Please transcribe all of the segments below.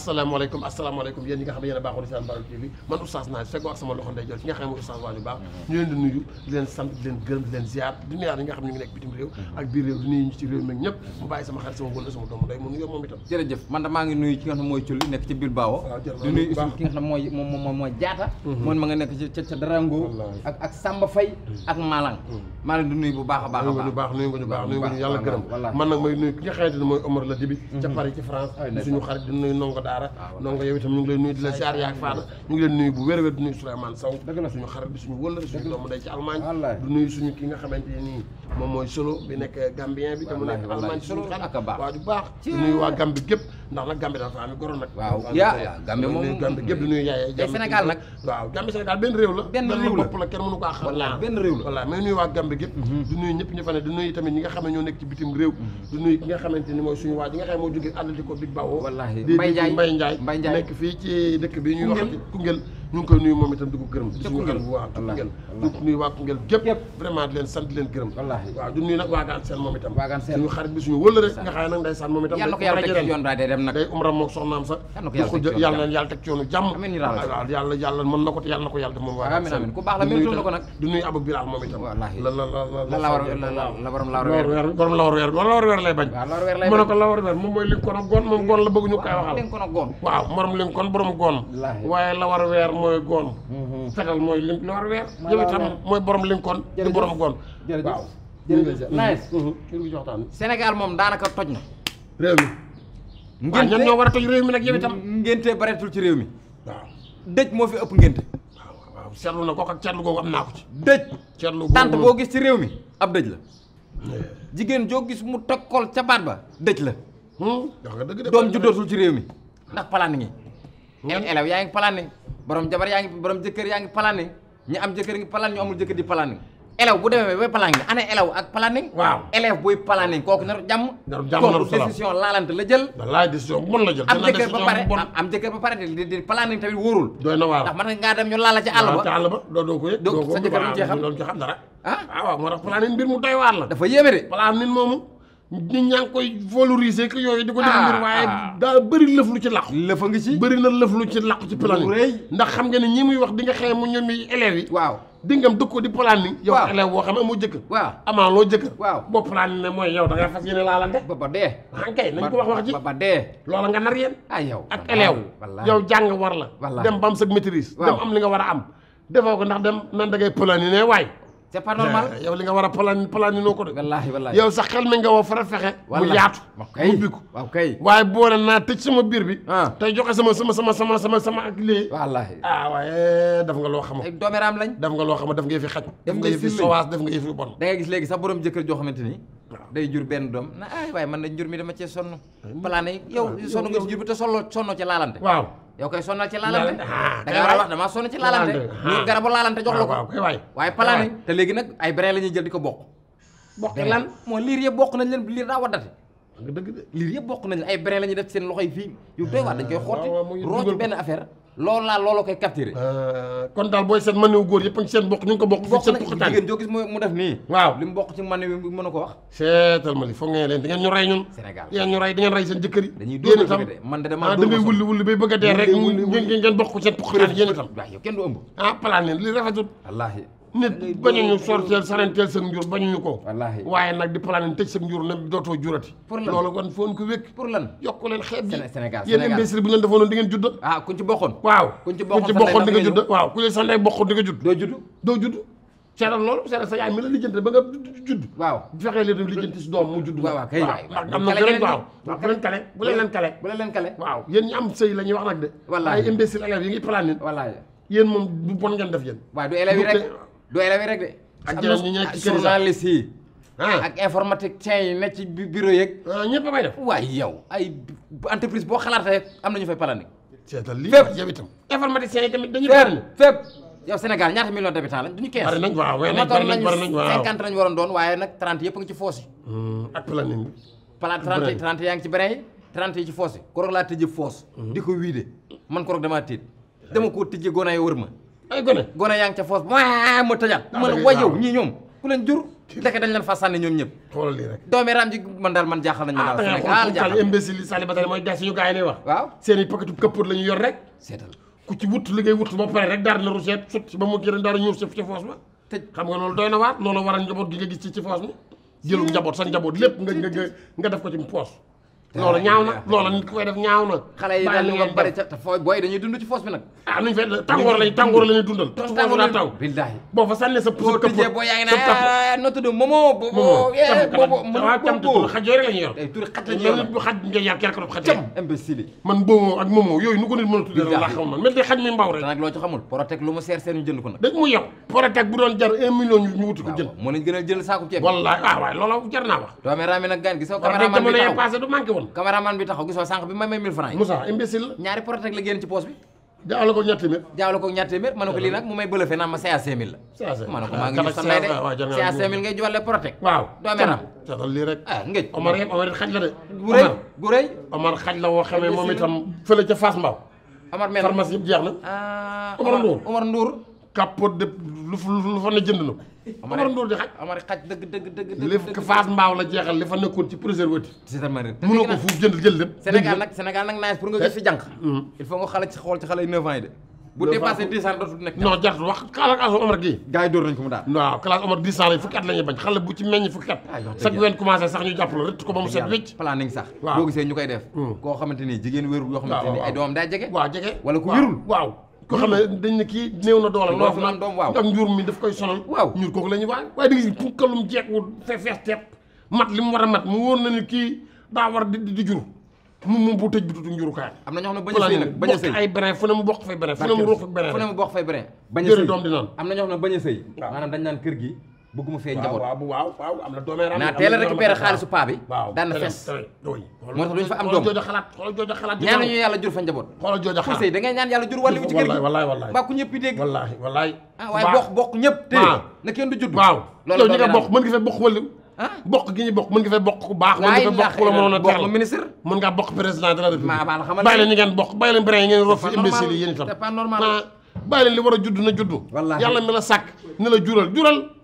asalaamaaleykum asalaamaaleykum yéen ñi nga xam ne yéen a baaxoo di seen Barro TV man oustaz naa fekkoo ak sama loxo ndey jor ci nga xam ne mooy oustaz Waly Baax mm-hmm. ñu leen moom itam jërëjëf man da maa ngi nuyu ki nga xam ne mooy Thioly nekk ci Bilbao di nuyu ki nga xam ne mooy moom moom mooy mm-hmm. ma nga nekk ca ca Darango ak ak Samba mm-hmm. ak Malang Malang di nuyu bu baax a baax nuyu baax nuyu baax nuyu yàlla gërëm man nag may nuyu ki nga xamante ne mooy Omar la dibi ca Paris ci daara ah, donc yow itam ñu ngi leen nuyu di la siyaar yaak faana ñu ngi leen nuyu bu wér wér di nuyu Souleymane Sow suñu xarit bi suñu wëllëre suñu doomu day ci Allemagne du nuyu suñu ki nga xamante nii moom mooy solo bi nekk Gambien bi te mu nekk Allemagne suñu xarit waa ju baax du nuyu waa Gambie gépp ndax na Gambie dafa am goro nag. waaw yaa Gambie moom waaw Gambie Sénégal benn réew la. benn réew la bopp la kenn mënu ko xam. wallaahi benn réew la wallaahi may waa Gambie gépp. Mhm. du nuyu ñëpp ñu fa du nuyu tamit ñi nga xam ne ñoo nekk ci bitim réew. Mhm. du nuyu nga xamante ni mooy suñu waa ji nga xam ne moo jógee Atlético Bilbao. wallaahi Mbaye Ndiaye Mbaye Ndiaye nekk fii ci dëkk bi ñuy wax Koungheul ñu ngi koy nuyu mom itam di ko gërëm di suñu xel bu waaw ci Koungheul di ko nuyu waa Koungheul gépp vraiment di leen sant di leen gërëm wa du nuyu nag waagaan sen mom itam ñu xarit bi suñu wëla rek nga xay nak nday sant mom itam day umra mook soxnaam sax di xuja yàlla na yàlla teg ci yoonu jàmm waaw yàlla yàlla mën na ko te amin na ko yàlla def moom waagaan nak du nuyu Abou Bilal mom itam la la la borom la weer borom lawar weer lawar weer lay bañ mu nako la lawar weer mom moy li ko ak goon moom goon la bëgg ñu kay waxal waaw morom li kon borom goon waaye lawar weer mooy goon mm-hmm. fetal mooy link loor weer yow itam mooy borom linkoon di borom goon waaw jërëjëf mm-hmm. nice mm-hmm. kër gi joxtaan Sénégal moom daanaka toj na réew mi waaw ñoom ñoo war a toj réew mi nag yow itam ngénte bareetul ci réew mi waaw dëj moo fi ëpp ngénte waaw seetlu na kooku ak seetlu googu am naa ko ci dëj seetlu googu tant boo gis ci réew mi ab dëj la jigéen joo gis mu tokkol ca baat ba dëj la hmm? doom ju dootul ci réew mi ndax palaan ngi hmm? elew yaa ngi palaan ngi borom jabar yaa ngi borom jëkkër yaa ngi plané ñu am jëkkër ngi plané ñu amul jëkkër di plané élève bu demee bay plané ana élève ak plané waaw élève booy plané kooku naru jàmm naru jàmm naru salaam décision laalante la jël la jël am jëkkër ba pare am jëkkër ba pare di di plané tamit wóorul doy na waar ndax mën ngaa dem ñu laala ci àll ba ba doo doo ko yëg doo ko sa jëkkër mu ci xam ah? ah, mu doy waar la dafa yéeme de plané moomu nit ñaa ngi koy valoriser que yooyu di ko def mbir ah. waaye daal bëri lëf lu ci làqu lëfa ngi ci bëri na lëf lu ci làqu ci plan ndax xam nga ne ñi muy wax di nga xëye mu ñoom yi élèves yi waaw dingam dëkkoo di plan ni yow élève boo xam ne amoo jëkkër waaw amaa loo jëkkër waaw boo plan ni mooy yow da nga fas yéene laalante ba ba dee ankay ah, nañ ko wax wax ba ba dee loola nga nar yéen ah yow ak élève yow jàng war la dem ba am sa maîtrise dem am li nga war a am defoo ko ndax dem nan da ngay plan ne waaye c'est pas normal eh, yow li nga war a plan plan noo ko de wallaahi wallaahi yow sax xel mi nga woo fara fexe mu yaatu mu bikku waaw kay waaye boole naa tëj sama biir bi ah. te joxe sama sama sama sama sama sama ak lii ah, waaye daf nga loo xama doomeraam lañ daf nga loo xama daf nga yëfi xaj daf nga yëfi sowaas daf nga yëfi bon da nga gis léegi sax borom jëkkër joo xamante ni day jur benn doom na ay waaye man na njur mi dama cee sonn plan yi yow sonn nga ci jur bi te solo laalante waaw yow koy sonnal ci laalante da nga war a wax damaa sonn ci laalante ñu garabu laalante jox la ko waaye palaane te léegi nag ay brin la ñuy jël di ko bokk bokk lan moo liir yëpp bokk nañ leen liir daa waddate dëgg liir yëpp bokk nañ ay brin la ñuy def seen loxo loxoy fii yow doy waar dañ koy xotti roo benn affaire loolu laa looloo koy capturé. Euh, kon daal booy seet maniw góor yëpp ci seen bokk ñu ngi ko bokk. fii seen bokk ci maniw bi mën a ko wax. seetal ma li foog ngeen leen di ngeen ñu rey ñun. Sénégal yéen ñu rey di yi. dañuy dóor itam man de damaa ah, dóor da ngay wulli wulli bay bëgg kenn du ëmb. ah palaan leen li rafetul. nit bañuñu sorteel saranteel sa njur bañuñu ko. wallaahi waaye nag di planning tëj sa njur nag dootoo jurati. pour lan loolu kon foon wékk. yokk leen xeet ah, sa la lijjanti ba nga judd. waaw fexee leen de. wallaahi yi ngi planning. wallaahi yéen moom bu bon ngeen def yéen. waaw du élèves rek du élèves rek de. ak ñi nekk ci yi ah. ak informaticien yi nekk ci bureau yeeg. Ah, ñëpp a def. waaye yow ay entreprise boo xalaatee am na ñu fay palandi. seetal lii yow itam informaticien yi tamit dañuy. fépp fépp yow Sénégal ñaata millions d'habitants lañ duñu 15. bari nañ ñu bari nañ bari nañ waaw 50 lañ waroon doon waaye nag 30 yëpp a ngi ci foos yi. Hmm, ak planning bi. plan 30 yaa ngi ci beneen yi 30 yi ci foos yi. koroog laa tëjee foos. Hmm. di ko wiide man koroog damaa tiit. dama koo tëjee gonaay wër ma ay gone gone yaa ngi ca foos ma ma tëjaat ma ne wayow ñii ñoom ku leen jur ndeke dañ leen fa sànni ñoom ñëpp xoolal lii rek doomi raam ji man daal man jaaxal nañ ma ah, daal yu gars yi ne wax waaw seen i paquetu këppóot la yor rek ku ci wut li ngay wut ba pare rek daal la ruseet sut ba mu gërëm nga loolu doy na waar loolu war a njaboot gi nga gis ci ci foos sa njaboot lépp nga nga nga def ko ci poos loolu ñaaw na loolu nit koy def ñaaw na. xale yi daal ñu bari te fooy booy dañuy dund ci foos bi nag. ah nuñ fay tàngoor lañ tàngoor lañuy dundal. tàngoor lañ taw billahi boo fa sànni sa puso këpp boo yaa ngi naan noo tudd Momo. Momo cam tur xaj yooyu rek la ñu yor. tur xaj la ñu yor xaj nga yar kerk doon xaj cam imbécile man Momo ak Momo yooyu nu ko nit mën a tuddee la xaw man mel ni xaj mi mbaw rek. nag loo ci xamul Protek lu mu seer seen ñu jënd ko nag. dëgg mu yow Protek bu doon jar un million ñu wuti ko jënd. moo nañ gën jënd saako ceeb. wallaay ah waay loolu jar naa wax. doomi raami nag gaan gi sa cameraman bi taxaw woon cameraman bi taxaw gisoo sànq bi may may 1000 francs yi Moussa imbécile la ñaari protect la génn ci poos bi jaawale ko ñetti téeméer jaawale ko ñetti téeméer ma ne ko lii nag mu may bëlëfe naan ma CA 5000 la ma ne ko maa ngi ah, gis sonlay de CA 5000 ngay jolle protect waaw doomeeram catal lii rek ah ngëj Omar yëpp Omar xaj la de gu rëy Omar xaj la woo xamee moom itam fële ca Fass Mbao Omar mel pharmacie yëpp jeex ah, Omar Ndour Omar Ndour capote de lu fa ne jënd na Omar Ndour di xaj Omar xaj dëgg dëgg dëgg dëgg li faas mbaaw la jeexal li fa nekkoon ci préservatif mënoo ko fuuf jënd jël dem Sénégal nag Sénégal nag naaj pour nga gis fi jànq hmm. il faut nga xale ci xool ci xale yi 9 yi de bu dépassé 10 ans dootul fukki at la bañ xale bu ci meññ fukki at ah, chaque ween commencé sax ñu jàpp la rëtt ko ba mu set wécc planning sax boo gisee ñu koy def hmm. koo xamante ni jigéen wérul yoo xamante ni ay doomam daa jege koo xam ne dañ ne kii néew na doole loof na doom waaw ak njuur mi daf koy sonal waaw ñuur kooku la ñuy waay waaye da nga gis punkalum jeeg wu fees tepp mat li mu war a mat mu wóor na ni kii daa war di di jur mu mu bu tëj bi tutu njurukaay am na ñoo xam ne bañ a sëy nag bañ a sëy ay na ñoo xam ne bañ a maanaam dañ naan kër gi bëgguma fee njaboot waaw waaw am na doomee ram naa teel a récupéré xaalisu paa bi daan na fes moo tax duñu fa am doom xoolal jooju xalaat ñaan nañu yàlla jur fa njaboot xoolal jooju xalaat sëy da ngay ñaan yàlla jur wàllu ci kër gi wallaay wallaay mbaa ku ñëpp yi dégg wallaay wallaay ah waaye bok bok. ñëpp tée na kenn du judd waaw loolu ñu bok. bokk mën nga fee bokk wàllu ah bokk gi ñu bokk mën nga fee bokk ku baax mën nga bok. bokk ku la mënoon a teral ministre mën ngaa bok. président de la république bàyyi leen ñu ngeen bokk bàyyi leen brin yi ngeen rof imbécile yi yéen itam bàyyi leen li war judd na judd yàlla mi la sàkk ni la jural jural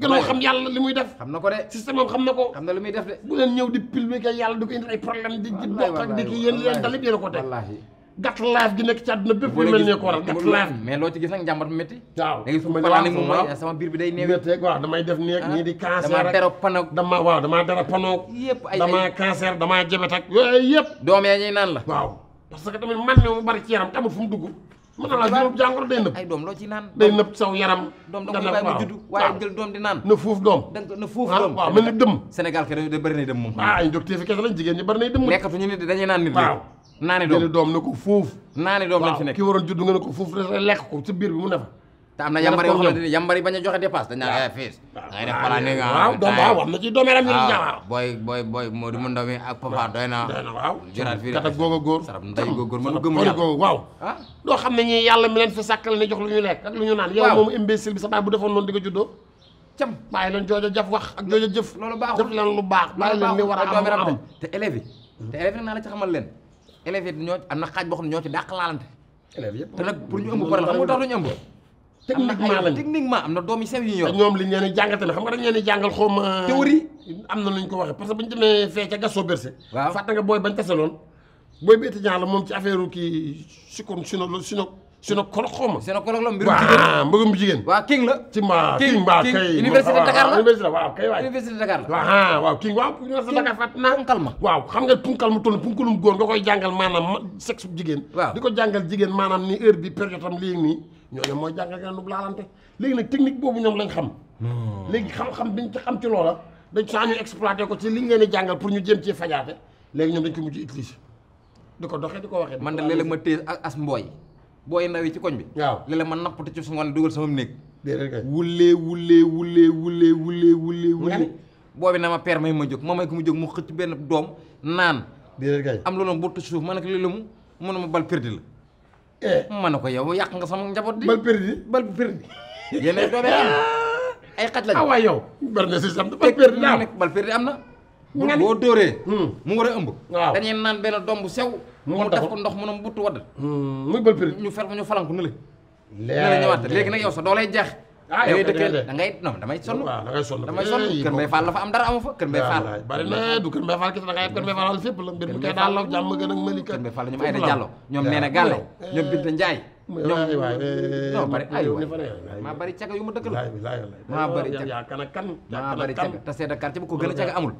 gënoo xam yàlla li muy def. xam na ko de système am xam na ko. xam na li muy def de. bu leen ñëw di pilmi kay yàlla di ko indi ay di a ko teg. gàtt nekk ci àdduna bépp lu mel ci sama biir bi day néew métteeg waaw damay def nii ak ñii ah, di cancer dama dara dama waaw dama dara panoog yëpp ay dama cancer dama jabet ak yooyu yëpp doom yaa ñuy naan la waaw parce que tamit man mi mu bari ci yaram tamit fu mu dugg mu ne la juróom jàngoro day nëb ay doom loo ci naan day yaram doom di naan na fuuf doom danga na fuuf ah, doom waaw mel ni dëmm Sénégal ke da bëri nay dëmm moom ah ay docteur fi kese lañ jigéen ñi bëri nay dëmm nekkatu ni dañuy naan nit waaw naani doom doom na ko fuuf naani doom lañ fi nekk ki nga ne ko fuuf lekk ko ci biir bi mu ne fa te am na yambar yoo xamante ni yambar yi bañ a joxe dépasse dañ naan fiis da ngay def palaane nga waaw doom waaw am na ci doomeeram yu ñaaw waaw boy boy boy Modou mu ndaw mi ak papa doy na waaw jëraat fii kat ak googa góor sarab nday góor mënu gëm googa waaw ah doo xam ne ñi yàlla mi leen fi sàkkal ne jox lu ñu lekk ak lu ñu naan yow moom imbécile bi sa baay bu defoon noonu di nga juddoo cam bàyyi leen joojo jaf wax ak joojo jëf loolu baaxul def leen lu baax bàyyi leen li war a am am te élèves yi te élèves yi naa la ci xamal leen élèves ñoo am na xaaj boo ñoo ci dàq laalante élèves yëpp te nag pour ñu ëmb pare xam nga tax duñu ëmb techniquement lañ techniquement am na doomi sew yu ñu yor ñoom li ñu leen jàngal tamit xam nga dañ leen jàngal xawma théorie am na nuñ ko waxee parce que bañ demee fee ca Gaston Berger waaw nga booy bañ tase loon booy bi étudiant la moom ci affaire kii sukkoon sino sino sino kolo xawma sino kolo la mbirum jigéen mbirum jigéen waaw king la ci mbaa king mbaa kay université Dakar la université waaw la waaw waaw université Dakar fàtte ma waaw xam nga punkal ma toll góor nga koy jàngal maanaam sexe jigéen di ko jàngal jigéen maanaam ni heure bi période tam ñoo ñooñu mooy jàngale nu laalante léegi nag technique boobu ñoom lañ xam. Hmm. léegi xam-xam biñ ci xam ci loola dañ saa ñu exploité ko ci li ngeen di jàngal pour ñu jëm ci fajaate léegi ñoom dañ ko mu utiliser di ko doxee di ko waxee. man de léeg-léeg ma téye as mbooy booy ndaw ci koñ bi. waaw léeg-léeg ma nappati ci su ma dugal sama néeg. déedéet kay wulee wulee wulee wulee wulee wulee wulee. boobi na ma père yi ma jóg ma may ko mu jóg mu xëcc benn doom naan. déedéet am loolu bu tudd suuf ma ne ko léeg-léeg mu mun ma bal perdi la Eh. ma ne ko yow yàq nga sama njaboot bi. bal perdi bal perdi. yéen ay doobee am ah. ay xaj lañu. ah waaw yow. bari na si sam bal perdi am na am na. nga boo dóoree. Hmm. mu war a ëmb. waaw dañuy naan benn doom bu sew. mu def ko ndox mu ne butt wadd. Hmm. muy bal perdi ñu fer ñu falanku ne la. léegi nag yow sa doo doolay jeex. Ayo dëkk da ngay non damay sonn waaw da ngay sonn damay sonn kër Mbaye Fall dafa am dara iya, amu fa iya, kër iya. Mbaye Fall bari na du kër Mbaye Fall kese da ngay kër Mbaye Fall fépp la mbir mi kay daal la jàmm gën ak Malika ma dëkkal maa bari kan ak kan maa bari caga te seet amul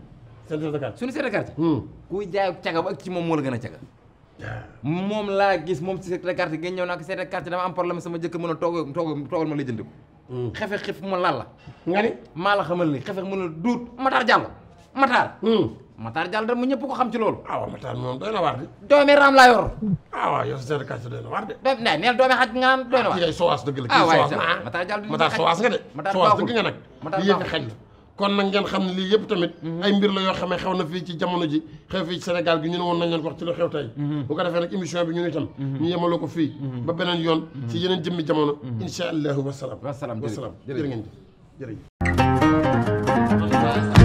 seet quartier suñu seet quartier kuy jaay caga Hmm. xefe xif mu lan la. nga ni maa la xamal ni xefe mu ne duut Matar Diallo Matar. Hmm. Matar Diallo de mu ñëpp ko xam ci loolu. ah waaw Matar moom doy na waar de. doomi raam laa yor. ah waaw yow sa kàcce doy na waar de. doy na neel doomi xaj nga naan doy na ah, waar. ah kii ay sowaas la kii ah, sowaas ah nga nag. Matar sowaas kon nag ngeen xam ne lii yëpp tamit ay mbir la yoo xamee xew na fii ci jamono ji xew fii ci Sénégal gi ñu ne woon nañ leen ko wax ci lu xew tey bu ko defee nag émission bi ñu ne itam ñu yemaloo ko fii ba beneen yoon ci yeneen jëmmi jamono insha allahu wasalaam wasalaam wasalaam jërë ngeen jëf jërëjëf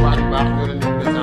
waaw baax